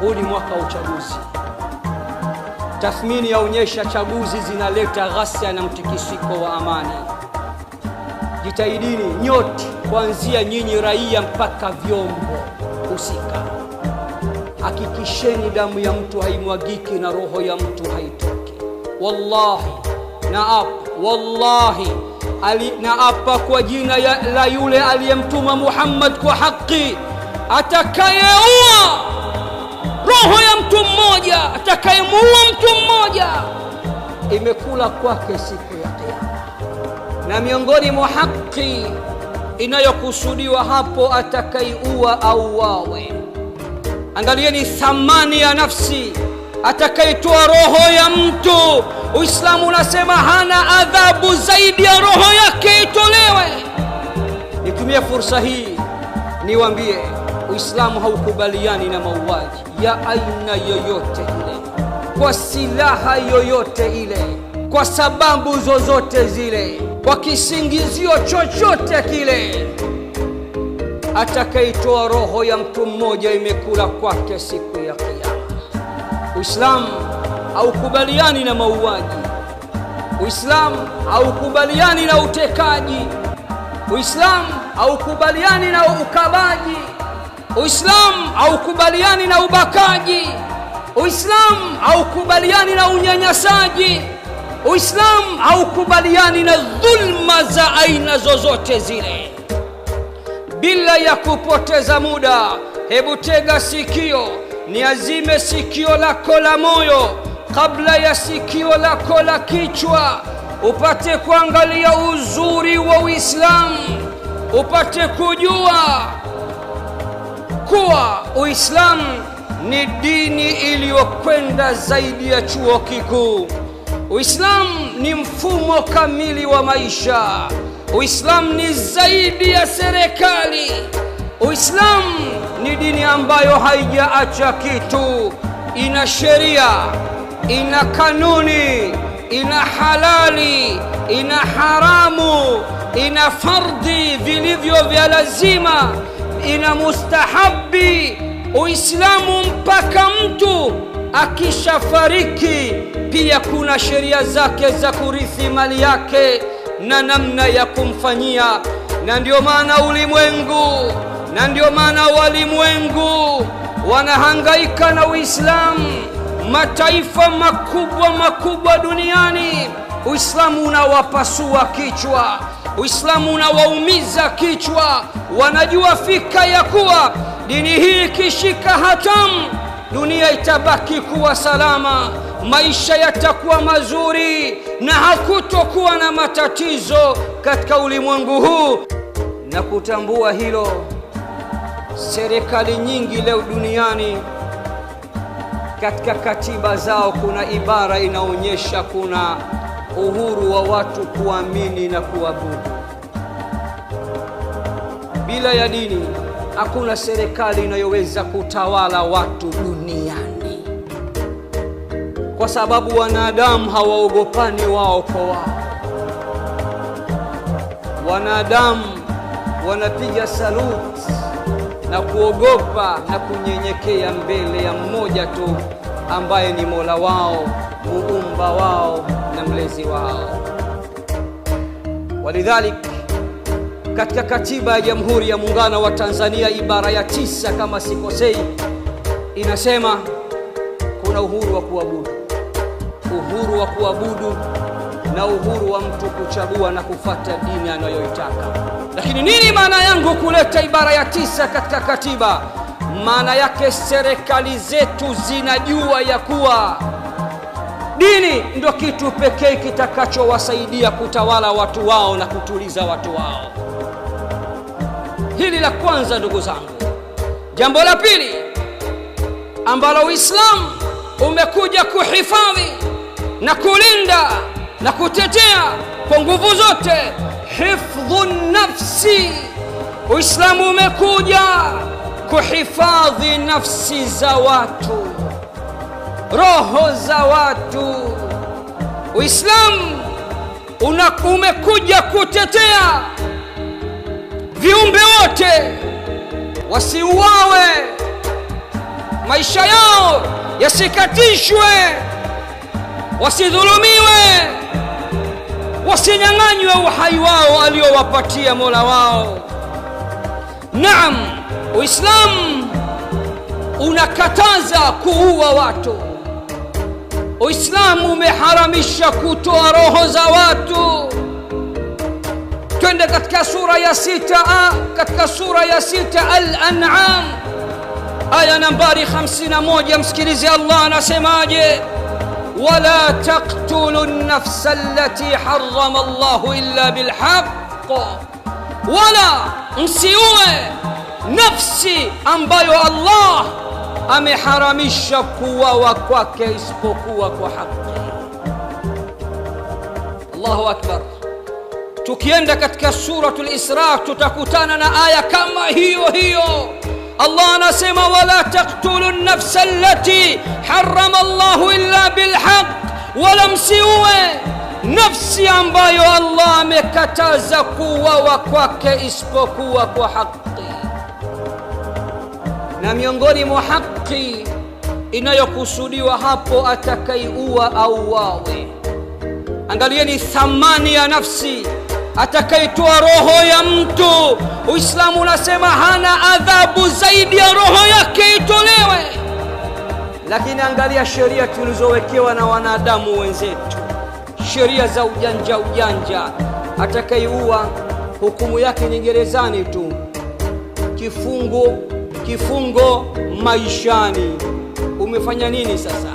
Huu ni mwaka wa uchaguzi. Tathmini yaonyesha chaguzi zinaleta ghasia na mtikisiko wa amani. Jitahidini nyote, kuanzia nyinyi raia mpaka vyombo husika, hakikisheni damu ya mtu haimwagiki na roho ya mtu haitoki. Wallahi apa, wallahi apa kwa jina ya, la yule aliyemtuma Muhammad kwa haki, atakayeua roho ya mtu mmoja atakayemuua mtu mmoja imekula kwake siku ya Kiyama. Na miongoni mwa haki inayokusudiwa hapo, atakaiua au wawe, angalieni thamani ya nafsi atakaitoa roho ya mtu. Uislamu unasema hana adhabu zaidi ya roho yake itolewe. Nitumie fursa hii niwaambie Uislamu haukubaliani na mauaji ya aina yoyote ile, kwa silaha yoyote ile, kwa sababu zozote zile, kwa kisingizio chochote kile. Atakaitoa roho ya mtu mmoja imekula kwake siku ya Kiyama. Uislamu haukubaliani na mauaji. Uislamu haukubaliani na utekaji. Uislamu haukubaliani na ukabaji. Uislamu haukubaliani na ubakaji. Uislamu haukubaliani na unyanyasaji. Uislamu haukubaliani na dhulma za aina zozote zile. Bila ya kupoteza muda, hebu tega sikio, niazime sikio lako la moyo kabla ya sikio lako la kichwa, upate kuangalia uzuri wa Uislamu, upate kujua kuwa Uislamu ni dini iliyokwenda zaidi ya chuo kikuu. Uislamu ni mfumo kamili wa maisha. Uislamu ni zaidi ya serikali. Uislamu ni dini ambayo haijaacha kitu, ina sheria, ina kanuni, ina halali, ina haramu, ina fardhi vilivyo vya lazima ina mustahabi Uislamu mpaka mtu akishafariki, pia kuna sheria zake za kurithi mali yake na namna ya kumfanyia, na ndio maana ulimwengu na ndio maana walimwengu wanahangaika na Uislamu. Mataifa makubwa makubwa duniani Uislamu unawapasua kichwa, Uislamu unawaumiza kichwa. Wanajua fika ya kuwa dini hii ikishika hatamu, dunia itabaki kuwa salama, maisha yatakuwa mazuri na hakutokuwa na matatizo katika ulimwengu huu. Na kutambua hilo, serikali nyingi leo duniani katika katiba zao kuna ibara inaonyesha kuna uhuru wa watu kuamini na kuabudu. Bila ya dini, hakuna serikali inayoweza kutawala watu duniani, kwa sababu wanadamu hawaogopani wao kwa wao. Wanadamu wanapiga saluti na kuogopa na kunyenyekea mbele ya mmoja tu ambaye ni Mola wao muumba wao na mlezi wao. Walidhalik, katika katiba ya Jamhuri ya Muungano wa Tanzania ibara ya tisa, kama sikosei, inasema kuna uhuru wa kuabudu, uhuru wa kuabudu na uhuru wa mtu kuchagua na kufata dini anayoitaka. Lakini nini maana yangu kuleta ibara ya tisa katika katiba? Maana yake serikali zetu zinajua ya kuwa Dini ndio kitu pekee kitakachowasaidia kutawala watu wao na kutuliza watu wao. Hili la kwanza, ndugu zangu. Jambo la pili ambalo Uislamu umekuja kuhifadhi na kulinda na kutetea kwa nguvu zote, hifdhu nafsi. Uislamu umekuja kuhifadhi nafsi za watu roho za watu. Uislamu umekuja kutetea viumbe wote wasiuawe, maisha yao yasikatishwe, wasidhulumiwe, wasinyang'anywe uhai wao aliowapatia Mola wao. Naam, Uislamu unakataza kuua watu Uislamu umeharamisha kutoa roho za watu. Twende katika sura ya sita, katika sura ya sita Al-An'am aya nambari 51, msikilize Allah anasemaje: wala taqtulu an-nafsa allati harrama Allahu illa bilhaq, wala msiue nafsi ambayo Allah ameharamisha kuwawa kwake isipokuwa kwa haki. Allahu akbar. Tukienda katika suratul Isra tutakutana na aya kama hiyo hiyo. Allah anasema wala taqtulu nafsa allati harrama Allahu illa bilhaq, wala msiue nafsi ambayo Allah amekataza kuwawa kwake isipokuwa kwa haki na miongoni mwa haki inayokusudiwa hapo, atakaiua au wawe. Angalieni thamani ya nafsi, atakaitoa roho ya mtu. Uislamu unasema hana adhabu zaidi ya roho yake itolewe, lakini angalia sheria tulizowekewa na wanadamu wenzetu, sheria za ujanja ujanja. Atakaiua hukumu yake ni gerezani tu, kifungo kifungo maishani. Umefanya nini sasa?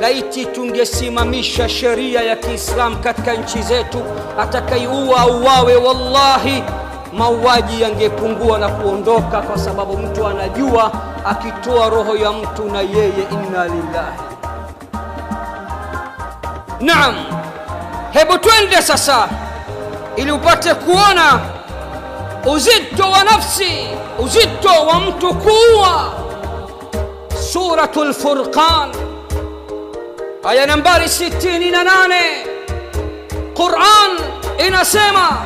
Laiti tungesimamisha sheria ya Kiislamu katika nchi zetu, atakaiua auwawe wallahi mauaji yangepungua na kuondoka, kwa sababu mtu anajua akitoa roho ya mtu na yeye, inna lillahi. Naam, hebu twende sasa ili upate kuona uzito wa nafsi uzito wa mtu kuwa suratu lfurqan aya nambari 68 quran inasema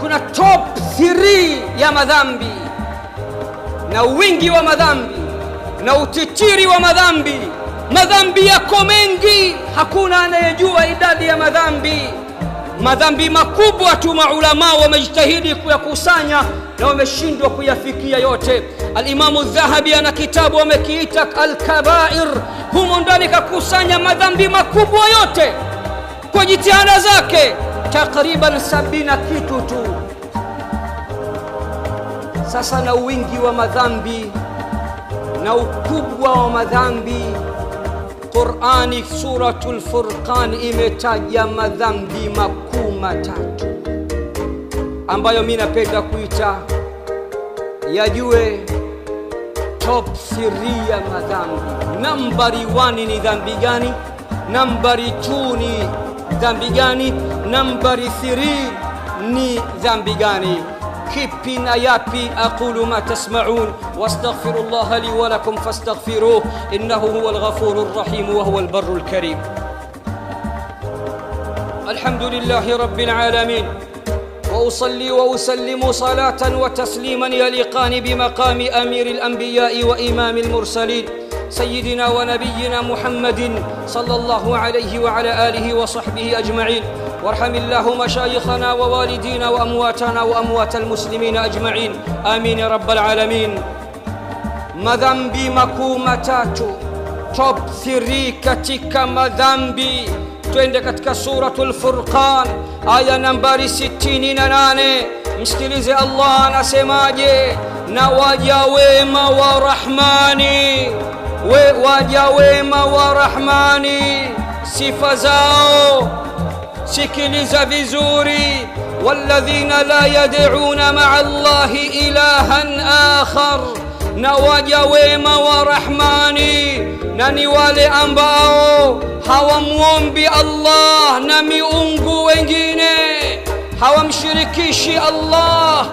kuna top 3 ya madhambi na wingi wa madhambi na utitiri wa madhambi madhambi yako mengi hakuna anayejua idadi ya madhambi madhambi makubwa tu maulama wamejitahidi kuyakusanya na wameshindwa kuyafikia yote. Alimamu Dhahabi ana kitabu amekiita Alkabair, humo ndani kakusanya madhambi makubwa yote kwa jitihada zake, takriban sabina kitu tu. Sasa na wingi wa madhambi na ukubwa wa madhambi Qurani Suratul Furqan imetaja madhambi makuu matatu ambayo mi napenda kuita yajue top 3 ya madhambi. Nambari 1 ni dhambi gani? Nambari 2 ni dhambi gani? Nambari 3 ni dhambi gani? كيبي نيابي أقول ما تسمعون واستغفر الله لي ولكم فاستغفروه إنه هو الغفور الرحيم وهو البر الكريم الحمد لله رب العالمين واصلي واسلم صلاه وتسليما يليقان بمقام امير الانبياء وامام المرسلين سيدنا ونبينا محمد صلى الله عليه وعلى اله وصحبه اجمعين وارحم اللهم مشايخنا ووالدينا وأمواتنا وأموات المسلمين أجمعين آمين يا رب العالمين madhambi makuu matatu top 3 katika madhambi twende katika suratul furqan aya nambari 68 msikilize allah anasemaje na waja wema wa rahmani we waja wema wa rahmani sifa zao سكلز فيزوري والذين لا يدعون مع الله إلها آخر نواجا ويما ورحماني ناني والي أنباو هوا موم الله نمي أنقو وينجيني هوا مشركيشي الله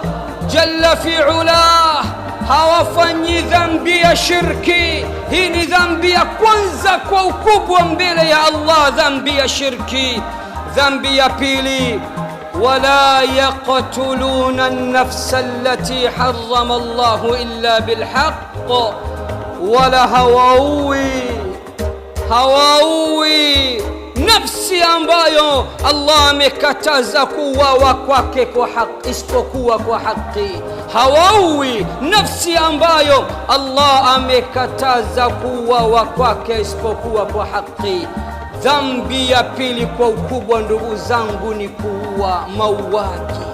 جل في علاه هاو فني ذنبي يا شركي هيني ذنبي يا كونزا كوكوب يا الله ذنبي يا شركي ذنبي يبيلي ولا يقتلون النفس التي حرم الله إلا بالحق ولا هواوي هواوي نفسي أنبايو الله مكتاز كوا وكوكك وحق استكوا وحقي هواوي نفسي أنبايو الله مكتاز كوا وكوكك استكوا وحقي Dhambi ya pili kwa ukubwa, ndugu zangu, ni kuua, mauaji.